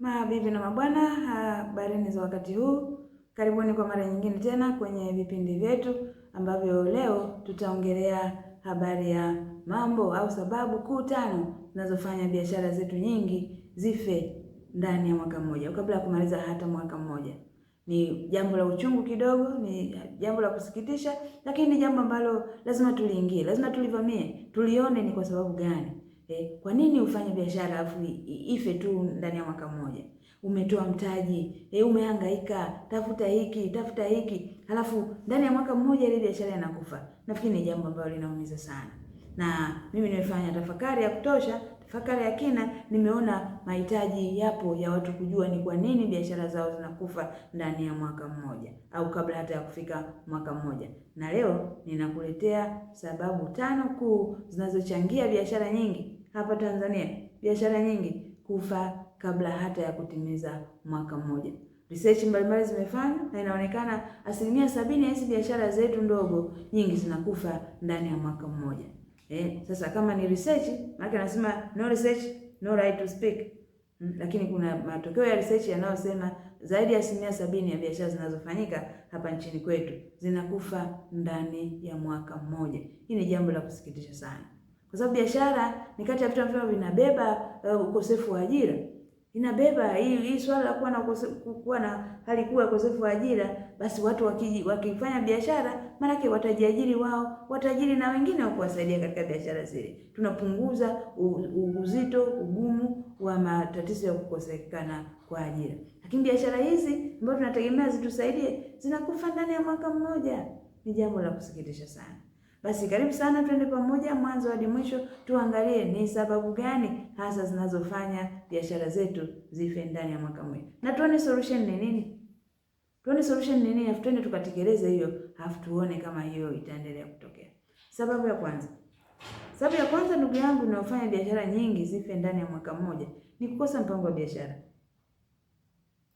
Mabibi na mabwana, habarini za wakati huu. Karibuni kwa mara nyingine tena kwenye vipindi vyetu ambavyo leo tutaongelea habari ya mambo au sababu kuu tano zinazofanya biashara zetu nyingi zife ndani ya mwaka mmoja, kabla ya kumaliza hata mwaka mmoja. Ni jambo la uchungu kidogo, ni jambo la kusikitisha, lakini ni jambo ambalo lazima tuliingie, lazima tulivamie, tulione ni kwa sababu gani Eh, kwa nini ufanye biashara afu ife tu ndani ya mwaka mmoja? Umetoa mtaji, eh, umehangaika, tafuta hiki, tafuta hiki, halafu ndani ya mwaka mmoja ile biashara inakufa. Nafikiri ni jambo ambalo linaumiza sana. Na mimi nimefanya tafakari ya kutosha, tafakari ya kina, nimeona mahitaji yapo ya watu kujua ni kwa nini biashara zao zinakufa ndani ya mwaka mmoja au kabla hata ya kufika mwaka mmoja. Na leo ninakuletea sababu tano kuu zinazochangia biashara nyingi hapa Tanzania biashara nyingi kufa kabla hata ya kutimiza mwaka mmoja. Research mbalimbali zimefanywa na inaonekana asilimia sabini ya hizi biashara zetu ndogo nyingi zinakufa ndani ya mwaka mmoja. Eh, sasa kama ni research, maana anasema no research no right to speak. Hmm, lakini kuna matokeo ya research yanayosema zaidi ya asilimia sabini ya biashara zinazofanyika hapa nchini kwetu zinakufa ndani ya mwaka mmoja. Hii ni jambo la kusikitisha sana kwa sababu biashara ni kati ya vitu ambavyo vinabeba uh, ukosefu wa ajira, inabeba hii hii swala la kuwa na kuwa na hali kuwa ya ukosefu wa ajira. Basi watu wakiji, wakifanya biashara, maanake watajiajiri wao, wataajiri na wengine wa kuwasaidia katika biashara zile. Tunapunguza uzito, ugumu wa matatizo ya kukosekana kwa ajira. Lakini biashara hizi ambazo tunategemea zitusaidie zinakufa ndani ya mwaka mmoja, ni jambo la kusikitisha sana. Basi karibu sana, twende pamoja mwanzo hadi mwisho, tuangalie ni sababu gani hasa zinazofanya biashara zetu zife ndani ya mwaka mmoja, na tuone solution ni nini. Tuone solution ni nini, afu twende tukatekeleze hiyo, afu tuone kama hiyo itaendelea kutokea. Sababu ya kwanza, sababu ya kwanza ndugu yangu, inayofanya biashara nyingi zife ndani ya mwaka mmoja ni kukosa mpango wa biashara.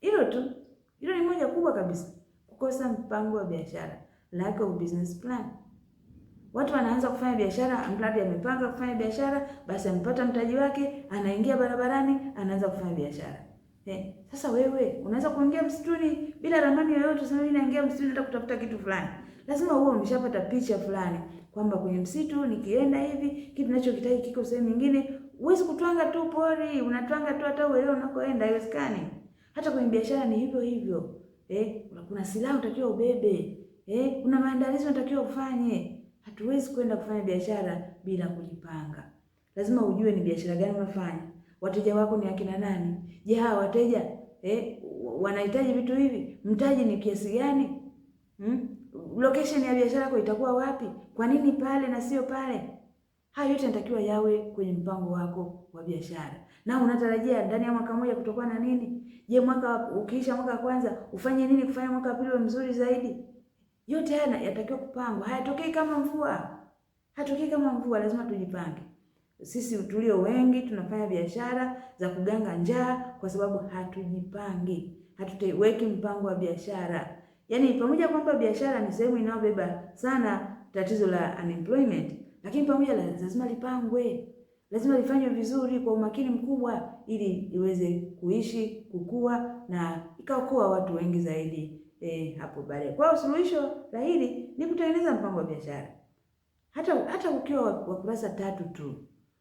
Hilo tu, hilo ni moja kubwa kabisa, kukosa mpango wa biashara, lack of business plan. Watu wanaanza kufanya biashara, mradi amepanga kufanya biashara, basi amepata mtaji wake, anaingia barabarani, anaanza kufanya biashara. Eh, sasa wewe unaweza kuingia msituni bila ramani yoyote, sema mimi naingia msituni hata kutafuta kitu fulani. Lazima uwe umeshapata picha fulani kwamba kwenye msitu nikienda hivi, kitu ninachokitaji kiko sehemu nyingine. Huwezi kutwanga tu pori, unatwanga tu hata uelewe unakoenda, haiwezekani. Hata kwenye biashara ni hivyo hivyo. Eh, kuna silaha unatakiwa ubebe. Eh, kuna maandalizi unatakiwa ufanye. Hatuwezi kwenda kufanya biashara bila kujipanga. Lazima ujue ni biashara gani unafanya, wateja wako ni akina nani. Je, hawa wateja eh, wanahitaji vitu hivi? Mtaji ni kiasi gani? hmm? Location ya biashara yako itakuwa wapi? Kwa nini pale na sio pale? Hayo yote yanatakiwa yawe kwenye mpango wako wa biashara. Na unatarajia ndani ya mwaka mmoja kutokuwa na nini? Je, mwaka ukiisha mwaka kwanza ufanye nini kufanya mwaka pili mzuri zaidi? Yote haya yatakiwa kupangwa, hayatokei kama mvua, hayatokei kama mvua. Lazima tujipange sisi tulio wengi, tunafanya biashara za kuganga njaa kwa sababu hatujipangi, hatuteweki mpango wa biashara. Yaani, pamoja kwamba biashara ni sehemu inayobeba sana tatizo la unemployment, lakini pamoja lazima lipangwe, lazima lifanywe vizuri kwa umakini mkubwa, ili iweze kuishi, kukua na ikaokoa watu wengi zaidi eh, hapo baadaye. Kwa hiyo suluhisho la hili ni kutengeneza mpango wa biashara, hata hata ukiwa wa kurasa tatu tu,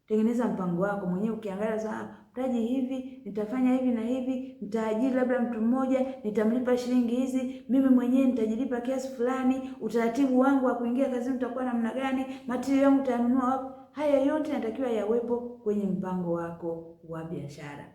tengeneza mpango wako mwenyewe ukiangalia sasa, ah, mtaji hivi, nitafanya hivi na hivi, nitaajiri labda mtu mmoja, nitamlipa shilingi hizi, mimi mwenyewe nitajilipa kiasi fulani, utaratibu wangu wa kuingia kazini utakuwa namna gani, matirio yangu utanunua wapi? Haya yote yanatakiwa yawepo kwenye mpango wako wa biashara,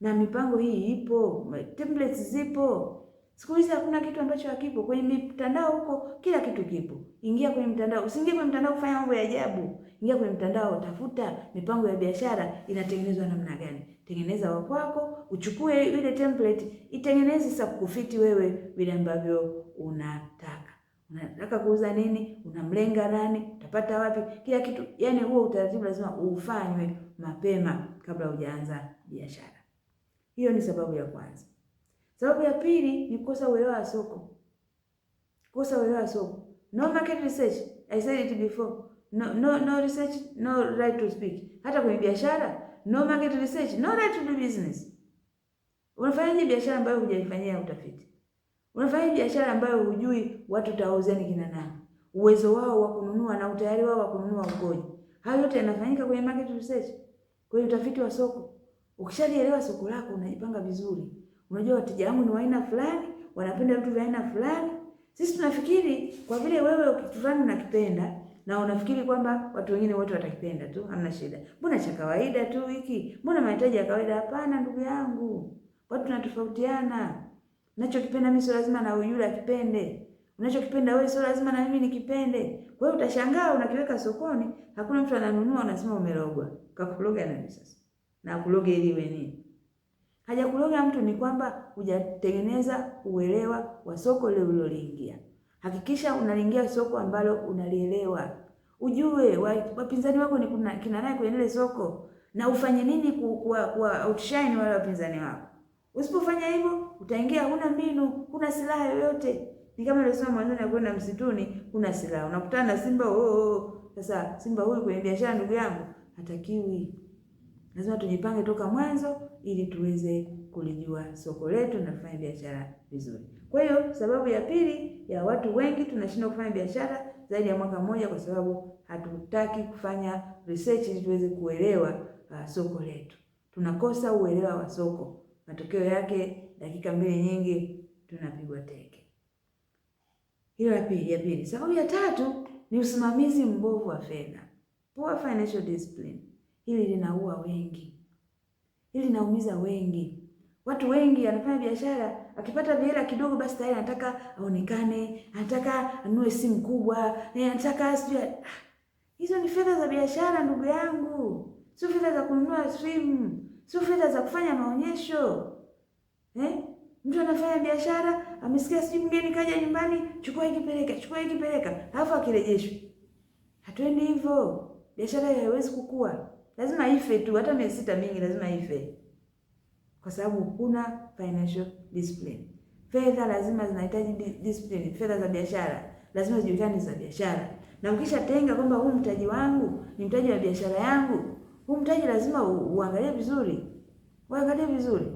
na mipango hii ipo, templates zipo. Siku hizi hakuna kitu ambacho hakipo kwenye mitandao huko, kila kitu kipo. Ingia kwenye mtandao, usiingie kwenye mtandao kufanya mambo ya ajabu. Ingia kwenye mtandao, tafuta mipango ya biashara inatengenezwa namna gani, tengeneza wa kwako, uchukue ile template itengeneze sasa kukufiti wewe vile ambavyo unataka. Unataka kuuza nini, unamlenga nani, utapata wapi, kila kitu. Yani huo utaratibu lazima ufanywe mapema kabla hujaanza biashara. Hiyo ni sababu ya kwanza. Sababu ya pili ni kukosa uelewa wa soko. Kukosa uelewa wa soko. No market research. I said it before. No, no, no research, no right to speak. Hata kwenye biashara, no market research, no right to do business. Unafanyaje biashara ambayo hujaifanyia utafiti? Unafanya biashara ambayo hujui watu tauza ni kina nani? Uwezo wao wa kununua na utayari wao wa kununua ukoje? Hayo yote yanafanyika kwenye market research, kwenye utafiti wa soko. Ukishalielewa soko lako unajipanga vizuri unajua wateja wangu ni waaina fulani, wanapenda vitu vya aina fulani. Sisi tunafikiri kwa vile wewe kitu fulani unakipenda na unafikiri kwamba watu wengine wote watakipenda tu, hamna shida, mbona cha kawaida tu hiki, mbona mahitaji ya kawaida? Hapana ndugu yangu, watu tunatofautiana. Nachokipenda mimi sio lazima na yule akipende, unachokipenda wewe sio lazima na mimi nikipende. Kwa hiyo utashangaa unakiweka sokoni, hakuna mtu ananunua, unasema umerogwa. Kakuloga nani sasa? Na kuloga ili iwe nini? haja kuloga mtu, ni kwamba hujatengeneza uelewa wa soko uliloingia. Hakikisha unaliingia soko ambalo unalielewa, ujue wapinzani wako ni kuna kina naye kwenye ile soko na ufanye nini ku outshine wale wapinzani wako. Usipofanya hivyo, utaingia huna mbinu, huna silaha yoyote. Ni kama nilisema mwanzo, na kwenda msituni huna silaha, unakutana na simba. Oh, oh, oh, sasa simba huyu kwenye biashara, ndugu yangu, hatakiwi lazima tujipange toka mwanzo ili tuweze kulijua soko letu na kufanya biashara vizuri. Kwa hiyo sababu ya pili ya watu wengi tunashindwa kufanya biashara zaidi ya mwaka mmoja kwa sababu hatutaki kufanya research ili tuweze kuelewa uh, soko letu. Tunakosa uelewa wa soko, matokeo yake dakika mbili nyingi tunapigwa teke. Hiyo ya pili, ya pili. Sababu ya tatu ni usimamizi mbovu wa fedha, poor financial discipline. Hili linaua wengi, hili linaumiza wengi. Watu wengi anafanya biashara akipata vihela kidogo, basi tayari anataka aonekane, anataka anunue simu kubwa, eh, anataka sijui. Ah, hizo ni fedha za biashara, ndugu yangu, sio fedha za kununua simu, sio fedha za kufanya maonyesho eh? Mtu anafanya biashara, amesikia sijui mgeni kaja nyumbani, chukua ikipeleka, chukua ikipeleka, alafu akirejeshwa. Hatuendi hivyo, biashara haiwezi kukua lazima ife tu, hata miezi sita mingi lazima ife, kwa sababu kuna financial discipline. Fedha lazima zinahitaji discipline. Fedha za biashara lazima zijulikane za biashara, na ukishatenga kwamba huu mtaji wangu ni mtaji wa biashara yangu, huu mtaji lazima uangalie vizuri, uangalie vizuri.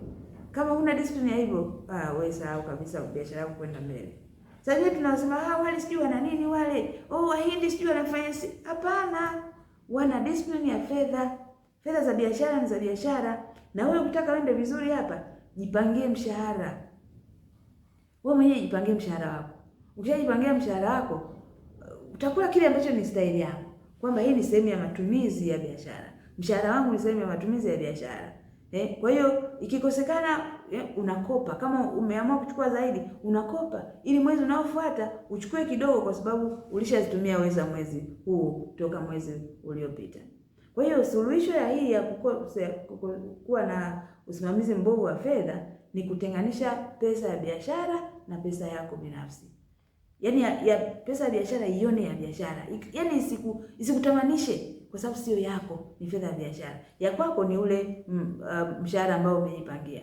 Kama huna discipline ya hivyo, ah, wewe sahau kabisa biashara yako kwenda mbele. Sasa hivi tunasema ah, wale sijui wana nini wale, oh Wahindi sijui wanafanya si, hapana wana discipline ya fedha. Fedha za biashara ni za biashara, na wewe ukitaka uende vizuri hapa, jipangie mshahara wewe mwenyewe, jipangie mshahara wako. Ukishajipangia mshahara wako, utakula kile ambacho ni staili yako, kwamba hii ni sehemu ya matumizi ya biashara, mshahara wangu ni sehemu ya matumizi ya biashara eh. Kwa hiyo ikikosekana eh, unakopa. Kama umeamua kuchukua zaidi, unakopa ili mwezi unaofuata uchukue kidogo, kwa sababu ulishazitumia weza mwezi huu toka mwezi uliopita. Kwa hiyo suluhisho ya hii ya kuwa na usimamizi mbovu wa fedha ni kutenganisha pesa ya biashara na pesa yako binafsi. Yaani ya, ya pesa ya biashara ione ya biashara. Yaani isiku isikutamanishe kwa sababu sio yako, ni fedha ya biashara. Ya kwako ni ule mm, ah, mshahara ambao umeipangia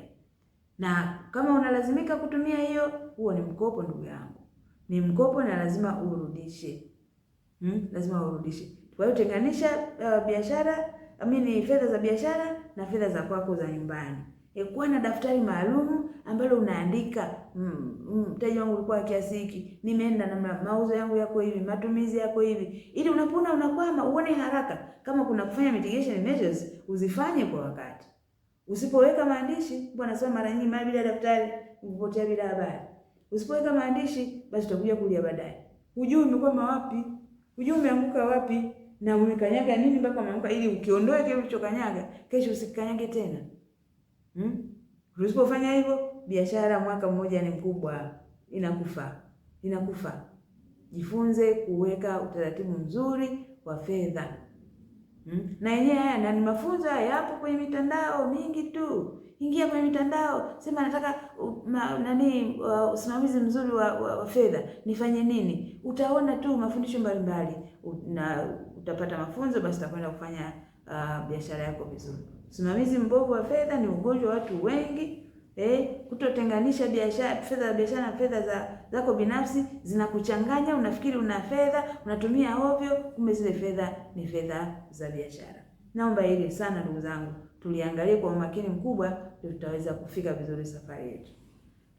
na kama unalazimika kutumia hiyo, huo ni mkopo ndugu yangu, ni mkopo na lazima urudishe. Hmm? Lazima urudishe. Kwa hiyo tenganisha uh, biashara amini, fedha za biashara na fedha za kwako za nyumbani. E, kuwa na daftari maalum ambalo unaandika hmm, hmm, mteja mm, mm, wangu ulikuwa kiasi hiki, nimeenda na mauzo yangu yako hivi, matumizi yako hivi, ili unapona unakwama uone haraka. Kama kuna kufanya mitigation measures, uzifanye kwa wakati. Usipoweka maandishi, mbona nasema mara nyingi mara bila daftari upotea bila habari. Usipoweka maandishi, basi utakuja kulia baadaye. Hujui umekwama wapi, hujui umeanguka wapi na umekanyaga nini mpaka umeanguka, ili ukiondoe kile ulichokanyaga kesho usikanyage tena. Hmm? Usipofanya hivyo, biashara mwaka mmoja ni mkubwa, inakufa. Inakufa. Jifunze kuweka utaratibu mzuri wa fedha. Hmm? Na yenyewe haya na ni mafunzo yapo kwenye mitandao mingi tu. Ingia kwenye mitandao, sema nataka ma, nani uh, usimamizi mzuri wa, wa, wa fedha nifanye nini? Utaona tu mafundisho mbalimbali na utapata mafunzo, basi utakwenda kufanya uh, biashara yako vizuri. Usimamizi mbovu wa fedha ni ugonjwa watu wengi eh, kutotenganisha biashara, fedha za biashara na fedha za zako binafsi zinakuchanganya, unafikiri una fedha unatumia ovyo, kumbe zile fedha ni fedha za biashara. Naomba hili sana ndugu zangu, tuliangalie kwa umakini mkubwa, ndio tutaweza kufika vizuri safari yetu.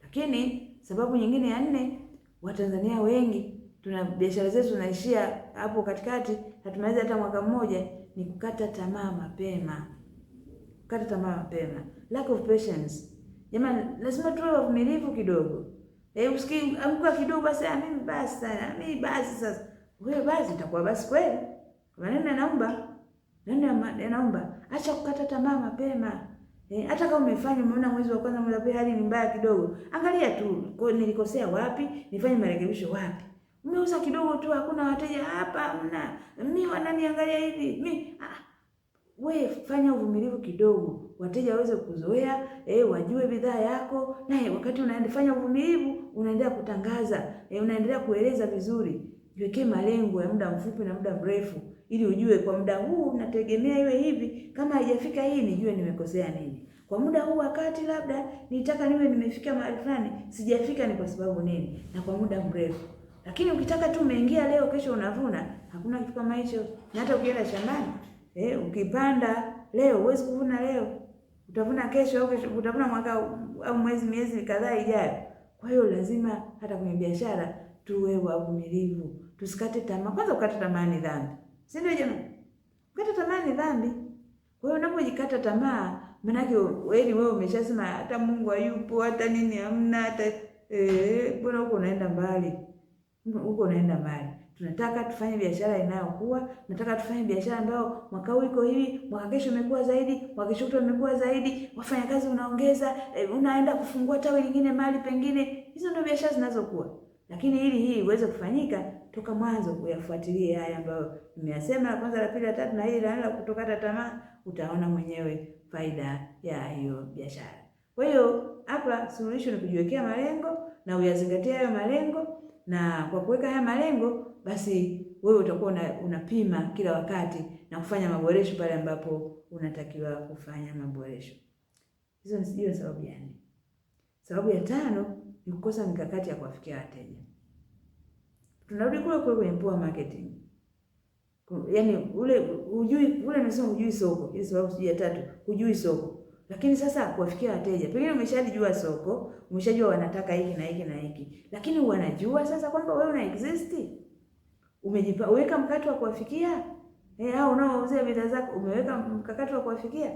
Lakini sababu nyingine ya nne, Watanzania wengi tuna biashara zetu zinaishia hapo katikati, hatumaliza hata mwaka mmoja, ni kukata tamaa mapema, kukata tamaa mapema, lack of patience Jamani, lazima tuwe wavumilivu kidogo. Eh, usikii amka kidogo basi, ah mimi basi sana. Mimi basi sasa. Wewe basi itakuwa basi kweli. Kwa nini anaomba? Nani anaomba? Acha kukata tamaa mapema. Eh, hata kama umefanya umeona mwezi wa kwanza mwezi wa hali ni mbaya kidogo. Angalia tu, kwa nilikosea wapi? Nifanye marekebisho wapi? Umeuza kidogo tu, hakuna wateja hapa, hamna. Mimi wananiangalia hivi. Mimi ah we fanya uvumilivu kidogo, wateja waweze kuzoea eh, wajue bidhaa yako, na eh, wakati unafanya uvumilivu unaendelea kutangaza e, unaendelea kueleza vizuri. Jiwekee malengo ya muda mfupi na muda mrefu, ili ujue kwa muda huu nategemea iwe hivi. Kama haijafika hii, nijue nimekosea nini. Kwa muda huu wakati labda nitaka niwe nimefika mahali fulani, sijafika ni kwa sababu nini, na kwa muda mrefu. Lakini ukitaka tu umeingia leo, kesho unavuna, hakuna kitu kama hicho. Na hata ukienda shambani Eh, ukipanda leo huwezi kuvuna leo, utavuna kesho au utavuna mwaka au mwezi miezi kadhaa ijayo. Kwa hiyo lazima hata kwenye biashara tuwe wavumilivu, tusikate tamaa. Kwanza ukata tamaa ni dhambi, si ndio jamani? Ukata tamaa ni dhambi. Kwa hiyo unapojikata tamaa, maanake wewe yaani wewe umeshasema hata Mungu hayupo hata nini hamna hata eh, mbona huko unaenda mbali, huko unaenda mbali. Tunataka tufanye biashara inayokuwa, tunataka tufanye biashara ambayo mwaka huu iko hivi, mwaka kesho imekuwa zaidi, mwaka kesho kutwa imekuwa zaidi, wafanyakazi unaongeza, eh, unaenda kufungua tawi lingine mahali pengine. Hizo ndio biashara zinazokuwa. Lakini ili hii iweze kufanyika, toka mwanzo uyafuatilie haya ambayo nimeyasema, la kwanza, la pili, la tatu na hili la nne la kutokata tamaa, utaona mwenyewe faida ya hiyo biashara. Kwa hiyo hapa suluhisho ni kujiwekea malengo na uyazingatie hayo malengo, na kwa kuweka haya malengo basi wewe utakuwa una, unapima kila wakati na kufanya maboresho pale ambapo unatakiwa kufanya maboresho. Hizo hiyo sababu ya nne. Sababu ya tano ni kukosa mikakati ya kuwafikia wateja. Tunarudi kule kule kwenye poor marketing. Yaani ule hujui ule unasema hujui soko. Ile sababu ya tatu, hujui soko. Lakini sasa kuwafikia wateja, pengine umeshajua soko, umeshajua wanataka hiki na hiki na hiki. Lakini wanajua sasa kwamba wewe una exist? uweka mkakati wa kuwafikia eh, hao unaouzia bidhaa zako, umeweka mkakati wa kuwafikia?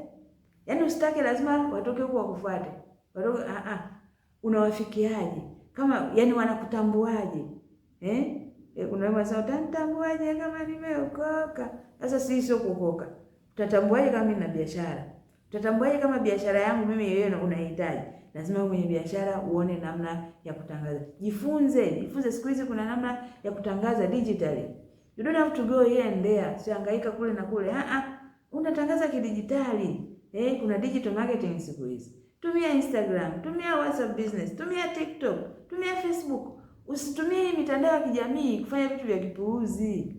Yaani usitake lazima watoke huko wakufuate. Watoke a ah, a ah. unawafikiaje? Kama yani wanakutambuaje? Eh? E, kuna wema sawa kama nimeokoka? Sasa si sio kuokoka. Utatambuaje kama nina biashara? Utatambuaje kama biashara yangu mimi yeye unahitaji? lazima kwenye biashara uone namna ya kutangaza. Jifunze, jifunze. Siku hizi kuna namna ya kutangaza digitally, you don't have to go here and there, sio kule na kule. Ah ah, unatangaza kidijitali. Eh, kuna digital marketing siku hizi. Tumia Instagram, tumia WhatsApp business, tumia TikTok, tumia Facebook. Usitumie mitandao ya kijamii kufanya vitu vya kipuuzi.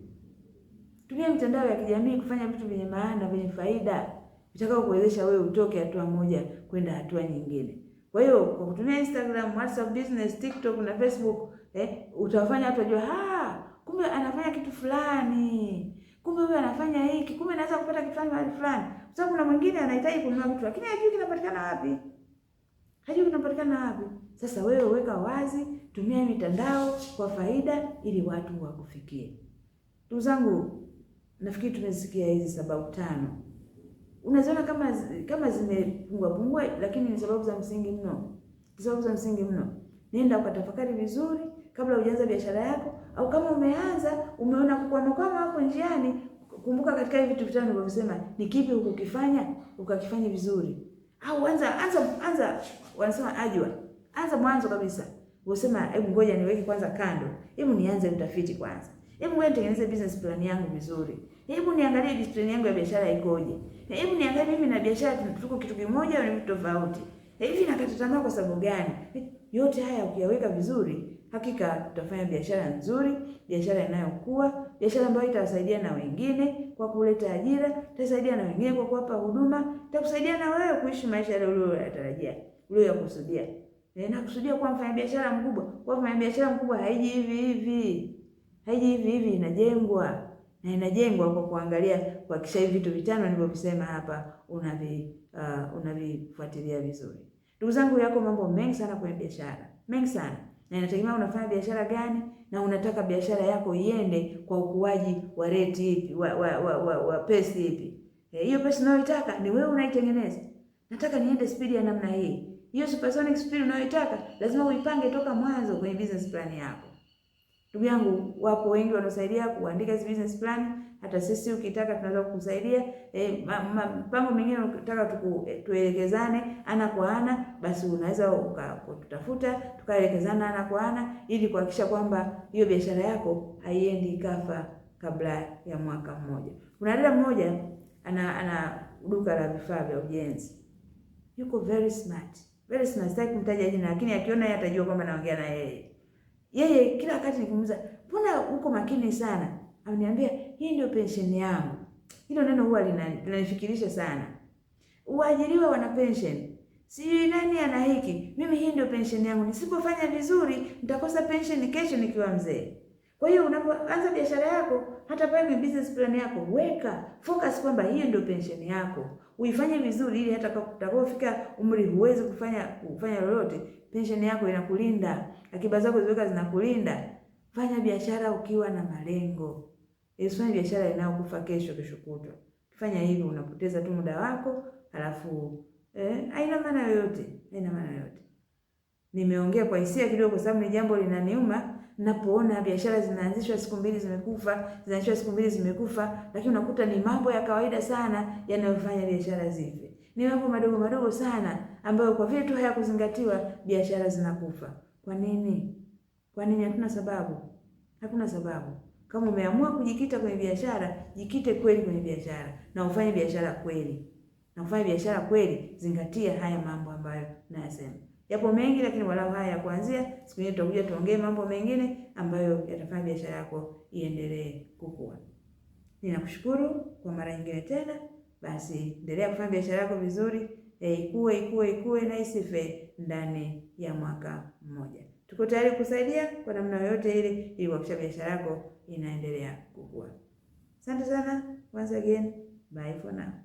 Tumia mitandao ya kijamii kufanya vitu vyenye maana, vyenye faida, vitakavyokuwezesha wewe utoke hatua moja kwenda hatua nyingine. Kwa hiyo kwa kutumia Instagram, WhatsApp Business, TikTok na Facebook eh, utawafanya watu wajue, ha, ah, kumbe anafanya kitu fulani, kumbe huyu anafanya hiki, kumbe anaweza kupata kitu fulani mahali fulani, kwa sababu kuna mwingine anahitaji kununua kitu lakini hajui kinapatikana wapi, hajui kinapatikana wapi. Sasa wewe weka wazi, tumia mitandao kwa faida ili watu wakufikie. Ndugu zangu, nafikiri tumesikia hizi sababu tano, unaziona kama kama zime kupungua, lakini ni sababu za msingi mno, sababu za msingi mno. Nenda ukatafakari vizuri kabla hujaanza biashara yako, au kama umeanza umeona kukwamakwama hapo njiani, kumbuka katika hivi vitu vitano nilivyosema, ni kipi hukukifanya ukakifanya vizuri, au anza anza anza, wanasema ajwa, anza mwanzo kabisa. Usema, hebu ngoja niweke kwanza kando, hebu nianze utafiti kwanza, hebu ngoja nitengeneze business plan yangu vizuri. Hebu niangalie discipline yangu ya biashara ikoje. Hebu niangalie mimi na biashara tuko kitu kimoja au ni tofauti. Hivi nakata tamaa kwa sababu gani? Yote haya ukiyaweka vizuri, hakika tutafanya biashara nzuri, biashara inayokuwa, biashara ambayo itawasaidia na wengine kwa kuleta ajira, itasaidia na wengine kwa kuwapa huduma, itakusaidia na wewe kuishi maisha yale uliyoyatarajia, uliyoyakusudia. Eh, nakusudia kuwa mfanyabiashara mkubwa. Kuwa mfanyabiashara mkubwa haiji hivi hivi, haiji hivi hivi, inajengwa na inajengwa kwa kuangalia kuhakikisha hivi vitu vitano nilivyovisema hapa unavi uh, unavifuatilia vizuri. Ndugu zangu, yako mambo mengi sana kwenye biashara, mengi sana, na inategemea unafanya biashara gani na unataka biashara yako iende kwa ukuaji wa rate ipi, wa wa, wa, wa, wa pesi ipi? Eh, hiyo e, pesi unayoitaka ni wewe unaitengeneza. Nataka niende spidi ya namna hii. Hiyo supersonic speed unayoitaka lazima uipange toka mwanzo kwenye business plan yako. Ndugu yangu, wapo wengi wanaosaidia kuandika hizi business plan. Hata sisi ukitaka tunaweza kukusaidia. E, mpango mwingine unataka tuku, e, tuelekezane ana kwa ana, basi unaweza ukatutafuta tukaelekezana ana kwa ana, ili kuhakikisha kwamba hiyo biashara yako haiendi kafa kabla ya mwaka mmoja. Kuna dada mmoja ana, ana duka la vifaa vya ujenzi, yuko very smart, very smart. Sitaki kumtaja jina, lakini akiona yeye atajua kwamba naongea na yeye. Yeye kila wakati nikimuuliza, "Mbona uko makini sana?" Ameniambia, "Hii ndio pensheni yangu." Hilo neno huwa linanifikirisha sana. Uajiriwa wana pensheni. Sijui nani ana hiki. Mimi hii ndio pensheni yangu. Nisipofanya vizuri, nitakosa pensheni kesho nikiwa mzee. Kwa hiyo unapoanza biashara yako, hata pale kwenye business plan yako weka focus kwamba hiyo ndio pension yako, uifanye vizuri, ili hata utakapofika umri huwezi kufanya kufanya lolote, pension yako inakulinda, akiba zako ziweka zinakulinda. Fanya biashara ukiwa na malengo, usifanye biashara inayokufa kesho kesho kutwa. Fanya hivyo, unapoteza tu muda wako, alafu eh, haina maana yoyote, haina maana yoyote. Nimeongea kwa hisia kidogo, kwa sababu ni jambo linaniuma napoona biashara zinaanzishwa siku mbili zimekufa, zinaanzishwa siku mbili zimekufa, lakini unakuta ni mambo ya kawaida sana yanayofanya biashara zife. Ni mambo madogo madogo sana ambayo kwa vile tu hayakuzingatiwa biashara zinakufa. Kwa nini? Kwa nini? Hatuna sababu, hakuna sababu. Kama umeamua kujikita kwenye biashara, jikite kweli kwenye biashara na ufanye biashara kweli, na ufanye biashara kweli, zingatia haya mambo ambayo nayasema yapo mengi, lakini walau haya ya kuanzia. Siku nyingine tutakuja tuongee mambo mengine ambayo yatafanya biashara yako iendelee kukua. Ninakushukuru kwa mara nyingine tena. Basi endelea kufanya biashara yako vizuri, ya eh, ikue ikue ikue na isife ndani ya mwaka mmoja. Tuko tayari kusaidia kwa namna yoyote ile, ili kuhakikisha biashara yako inaendelea kukua. Asante sana, once again, bye for now.